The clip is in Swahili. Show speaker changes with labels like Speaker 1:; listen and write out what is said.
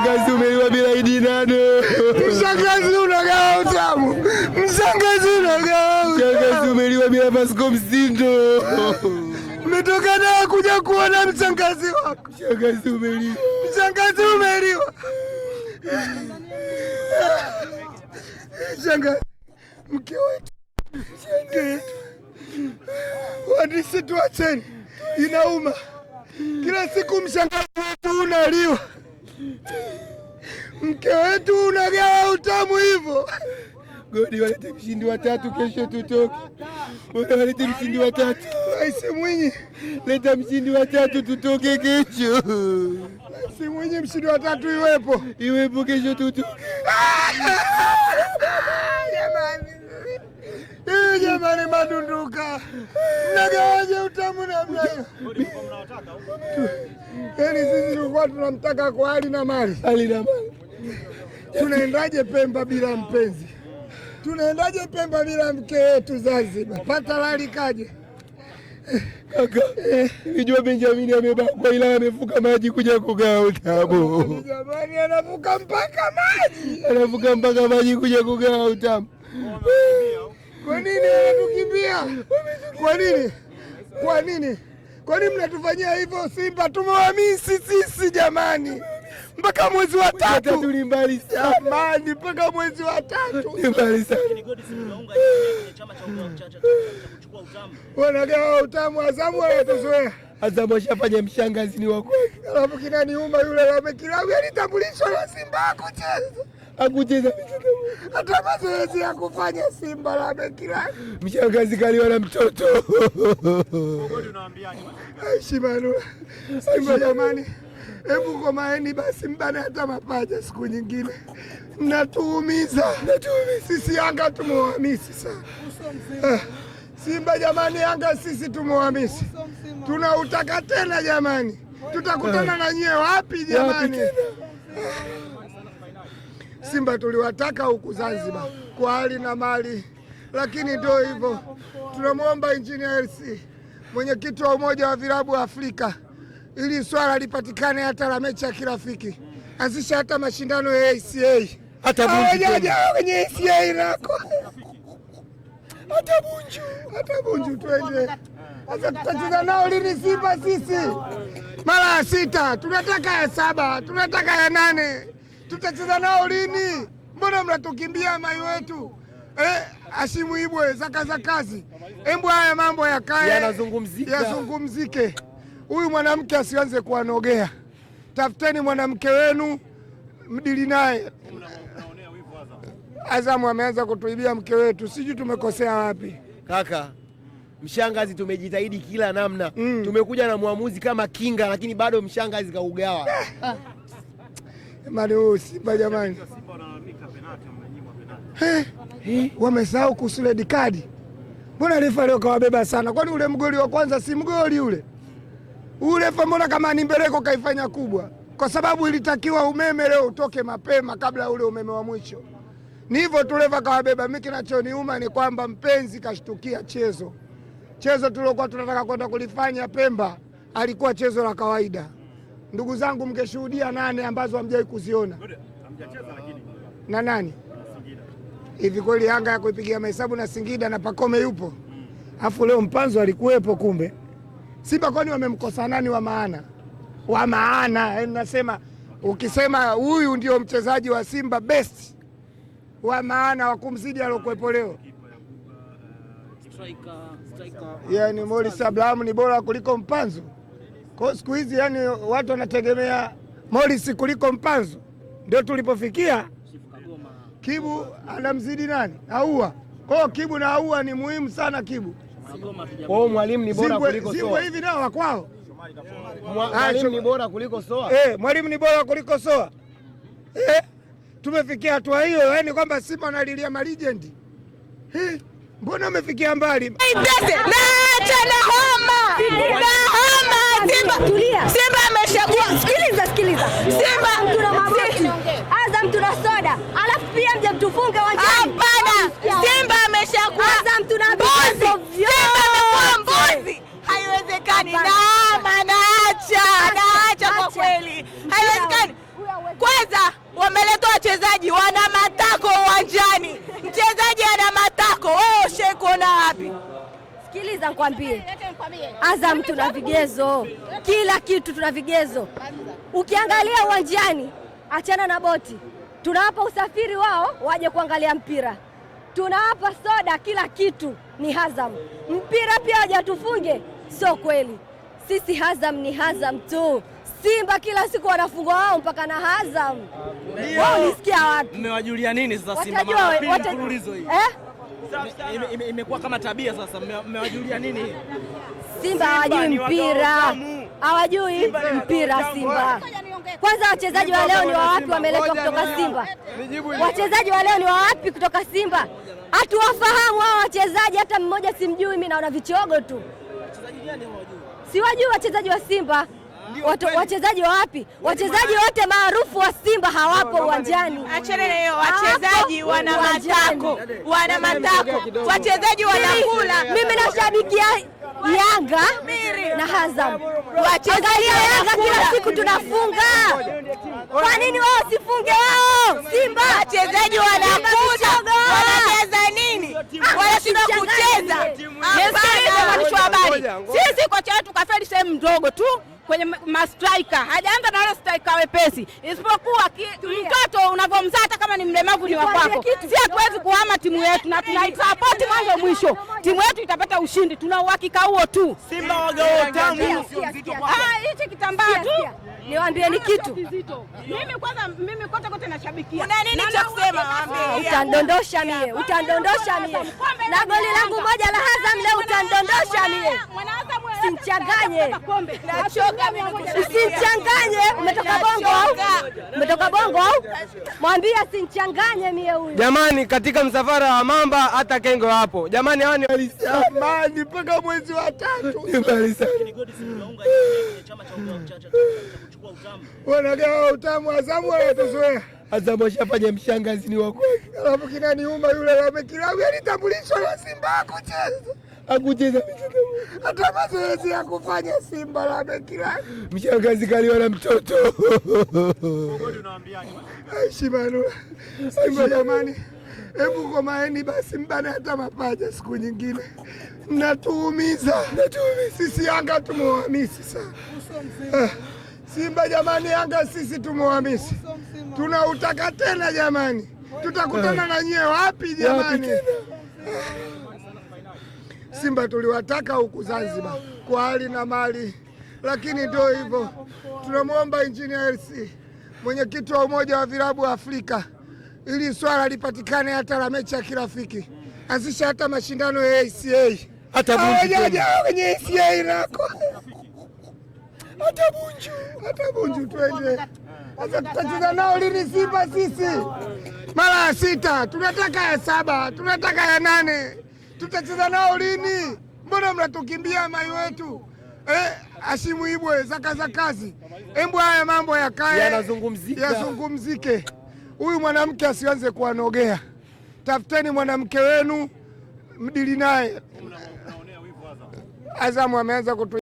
Speaker 1: Mshangazi umeliwa bila idadi
Speaker 2: Mshangazi unagawa utamu. Mshangazi unagawa.
Speaker 1: Mshangazi umeliwa bila Pascal Msindo.
Speaker 2: Umetoka na kuja kuona mshangazi
Speaker 1: wako. Mshangazi umeliwa.
Speaker 2: Mshangazi umeliwa. Mshangazi mke wetu. Mke Wadisi tuacheni. Inauma. Kila siku mshangazi wetu unaliwa mke wetu unagawa utamu hivyo.
Speaker 1: Godi walete mshindi wa tatu, kesho tutoke. Bora walete mshindi wa tatu.
Speaker 2: Aise Mwinyi, leta mshindi wa tatu tutoke kesho. Aise Mwinyi, mshindi wa tatu iwepo, iwepo kesho tutoke. Ah! madunduka, mnagawaje utamu namna hiyo? Yaani sisi tulikuwa tunamtaka kwa hali na mali, hali na mali. Tunaendaje Pemba bila mpenzi? Tunaendaje Pemba bila mke wetu Zanzibar? Pata kaje? Kaka, nijua Benjamini amebakwa ila amevuka maji kuja kugawa utamu. Jamani, anavuka mpaka maji, anavuka mpaka maji kuja kugawa utamu. Kwa nini? Kwa nini? Kwa nini mnatufanyia hivyo? Simba tumewamisi sisi jamani, mpaka mwezi wa tatu jamani, mpaka mwezi wa tatu wanagawa utamu. Azamu wanatuzoea Azamu ashafanya mshangazi ni wako, alafu kinaniuma yule Lame Kilabu, yani tambulisho la Simba kucheza akucheza hata mazoezi ya kufanya Simba la kila mshangazi kaliwa na mtoto shimanu Simba jamani, hebu komaeni basi, mbane hata mapaja siku nyingine, mnatuumiza sisi. Yanga tumuhamisi sana ah, Simba jamani, Yanga sisi tumuhamisi, tunautaka tena jamani, tutakutana ah. na nyewe wapi jamani? Simba tuliwataka huku Zanzibar kwa hali na mali, lakini ndio hivyo. Tunamwomba Injinia RC, mwenyekiti wa Umoja wa Vilabu wa Afrika, ili swala lipatikane hata la mechi ya kirafiki, anzisha hata mashindano ya ACA hata kwenye ACA nako hata Bunju, hata Bunju twende. Sasa tutacheza nao lini? Simba sisi mara ya sita, tunataka ya saba, tunataka ya nane tutacheza nao lini? Mbona mnatukimbia mai wetu eh? Ashimu Ibwe zaka za kazi, embu haya mambo yakae yazungumzike. Huyu mwanamke asianze kuwanogea, tafuteni mwanamke wenu mdili naye. Azamu ameanza kutuibia mke wetu, sijui tumekosea wapi kaka Mshangazi, tumejitahidi kila namna mm. Tumekuja na mwamuzi kama kinga, lakini bado mshangazi kaugawa eh. Jamani huyu Simba jamani, wamesahau kuhusu red card. Mbona refa leo kawabeba sana? Kwani ule mgoli wa kwanza si mgoli ule ule fa? Mbona kama ni mbeleko kaifanya kubwa, kwa sababu ilitakiwa umeme leo utoke mapema kabla ule umeme wa mwisho. Ni hivyo tu, refa kawabeba. Mi kinachoniuma ni kwamba mpenzi kashtukia chezo, chezo tuliokuwa tunataka kwenda kulifanya Pemba alikuwa chezo la kawaida ndugu zangu, mngeshuhudia nane ambazo hamjai kuziona na nani hivi kweli. Yanga ya kuipigia mahesabu na Singida na Pakome yupo, mm. alafu leo Mpanzo alikuwepo. Kumbe Simba kwani wamemkosa nani wa maana? Wa maana yaani nasema, ukisema huyu ndio mchezaji wa Simba best wa maana wa kumzidi alokuwepo leo, uh, yani Morris Abraham ni bora kuliko Mpanzo. Kwa hiyo siku hizi yani watu wanategemea Morris kuliko Mpanzu, ndio tulipofikia. Kibu anamzidi nani? Aua. Kwa hiyo Kibu na Aua ni muhimu sana. Kibu hiyo mwalimu ni bora kuliko Soa hivi nao wakwao ah, mwalimu ni bora kuliko Soa eh, mwalimu ni bora kuliko Soa eh, tumefikia hatua hiyo, yani kwamba Simba analilia malijendi. Eh, mbona umefikia mbali? wachezaji wana matako uwanjani. Mchezaji ana matako, wewe oh, ushawahi kuona wapi? Sikiliza nikwambie, Azam tuna vigezo, kila kitu tuna vigezo. Ukiangalia uwanjani, achana na boti, tunawapa usafiri wao waje kuangalia mpira, tunawapa soda, kila kitu ni Azam. Mpira pia wajatufunge, sio kweli. Sisi Azam ni Azam tu. Simba kila siku wanafungwa wao mpaka na Azam. Wao nisikia wapi? Mmewajulia nini sasa Simba mara pili mfululizo hii? Eh? Imekuwa kama tabia sasa. Mmewajulia nini? Simba hawajui mpira, hawajui mpira Simba. Kwanza wachezaji wa leo ni wa wapi wameletwa kutoka Simba? Wachezaji wa leo ni wa wapi kutoka Simba? Hatuwafahamu hao wachezaji, hata mmoja simjui. Mimi naona vichogo tu. Wachezaji gani hawajui? Siwajui wachezaji wa Simba wachezaji wa wapi? Wachezaji wote maarufu wa Simba hawapo uwanjani. Achana na hiyo, wachezaji wana matako, yaani, yaani, wana yaani, matako, wachezaji wanakula. Mimi nashabikia Yanga na Hazam. wa Yanga kila siku tunafunga, kwa nini wao sifunge? Wao Simba wachezaji wanakula, wanacheza nini? Wanashinda kucheza. Mwandishi wa habari, sisi kocha wetu kafeli sehemu ndogo tu kwenye mastrika hajaanza na wale straika wepesi, isipokuwa mtoto unavyomzaa hata kama ni mlemavu ni wakwako Si hatuwezi kuhama timu yetu, na tunaisapoti mwanzo mwisho. Timu yetu itapata ushindi, tuna uhakika huo tu. Simba wagao tamu, ah, hichi kitambaa tu Niwaambieni kitu, mimi kwanza, mimi kote kote nashabikia. Una nini cha kusema? Waambie, utandondosha mie, utandondosha mie na goli langu moja la Azam leo, utandondosha mie msimchanganye, msimchanganye. Umetoka Bongo au umetoka Bongo au? Mwambie asimchanganye mie huyu. Jamani, katika msafara wa mamba hata kengo hapo Jamani, hawa ni walisamani mpaka mwezi wa tatu wanagawa utamu. Azamu wanatuzoea Azamu ashafanya mshangazi ni wako, alafu kinaniuma yule amekirabu, yani tambulisho la Simba kucheza akucheza hata mazoezi ya kufanya Simba la Bekila, mshangazi kaliwa na mtoto Simba jamani, hebu komaeni basi, mbana hata mapaja siku nyingine, mnatuumiza sisi. Yanga tumewamisi sana eh, Simba jamani, Yanga sisi tumewamisi, tunautaka tena jamani, tutakutana eh. na nyie wapi jamani? Simba tuliwataka huku Zanzibar kwa hali na mali, lakini ndio hivyo. Tunamwomba Injinia RC, mwenyekiti wa Umoja wa Vilabu wa Afrika, ili swala lipatikane hata la mechi ya kirafiki, anzisha hata mashindano ya ACA hata kwenye ACA nako hata Bunju, hata Bunju twende. Sasa tutacheza nao lini? Simba sisi mara ya sita, tunataka ya saba, tunataka ya nane tutacheza nao lini? Mbona mnatukimbia mai wetu eh? Ashimuibwe zaka za kazi, embwe haya mambo yakae yazungumzike. Huyu mwanamke asianze kuwanogea, tafuteni mwanamke wenu mdili naye. Azamu ameanza kutu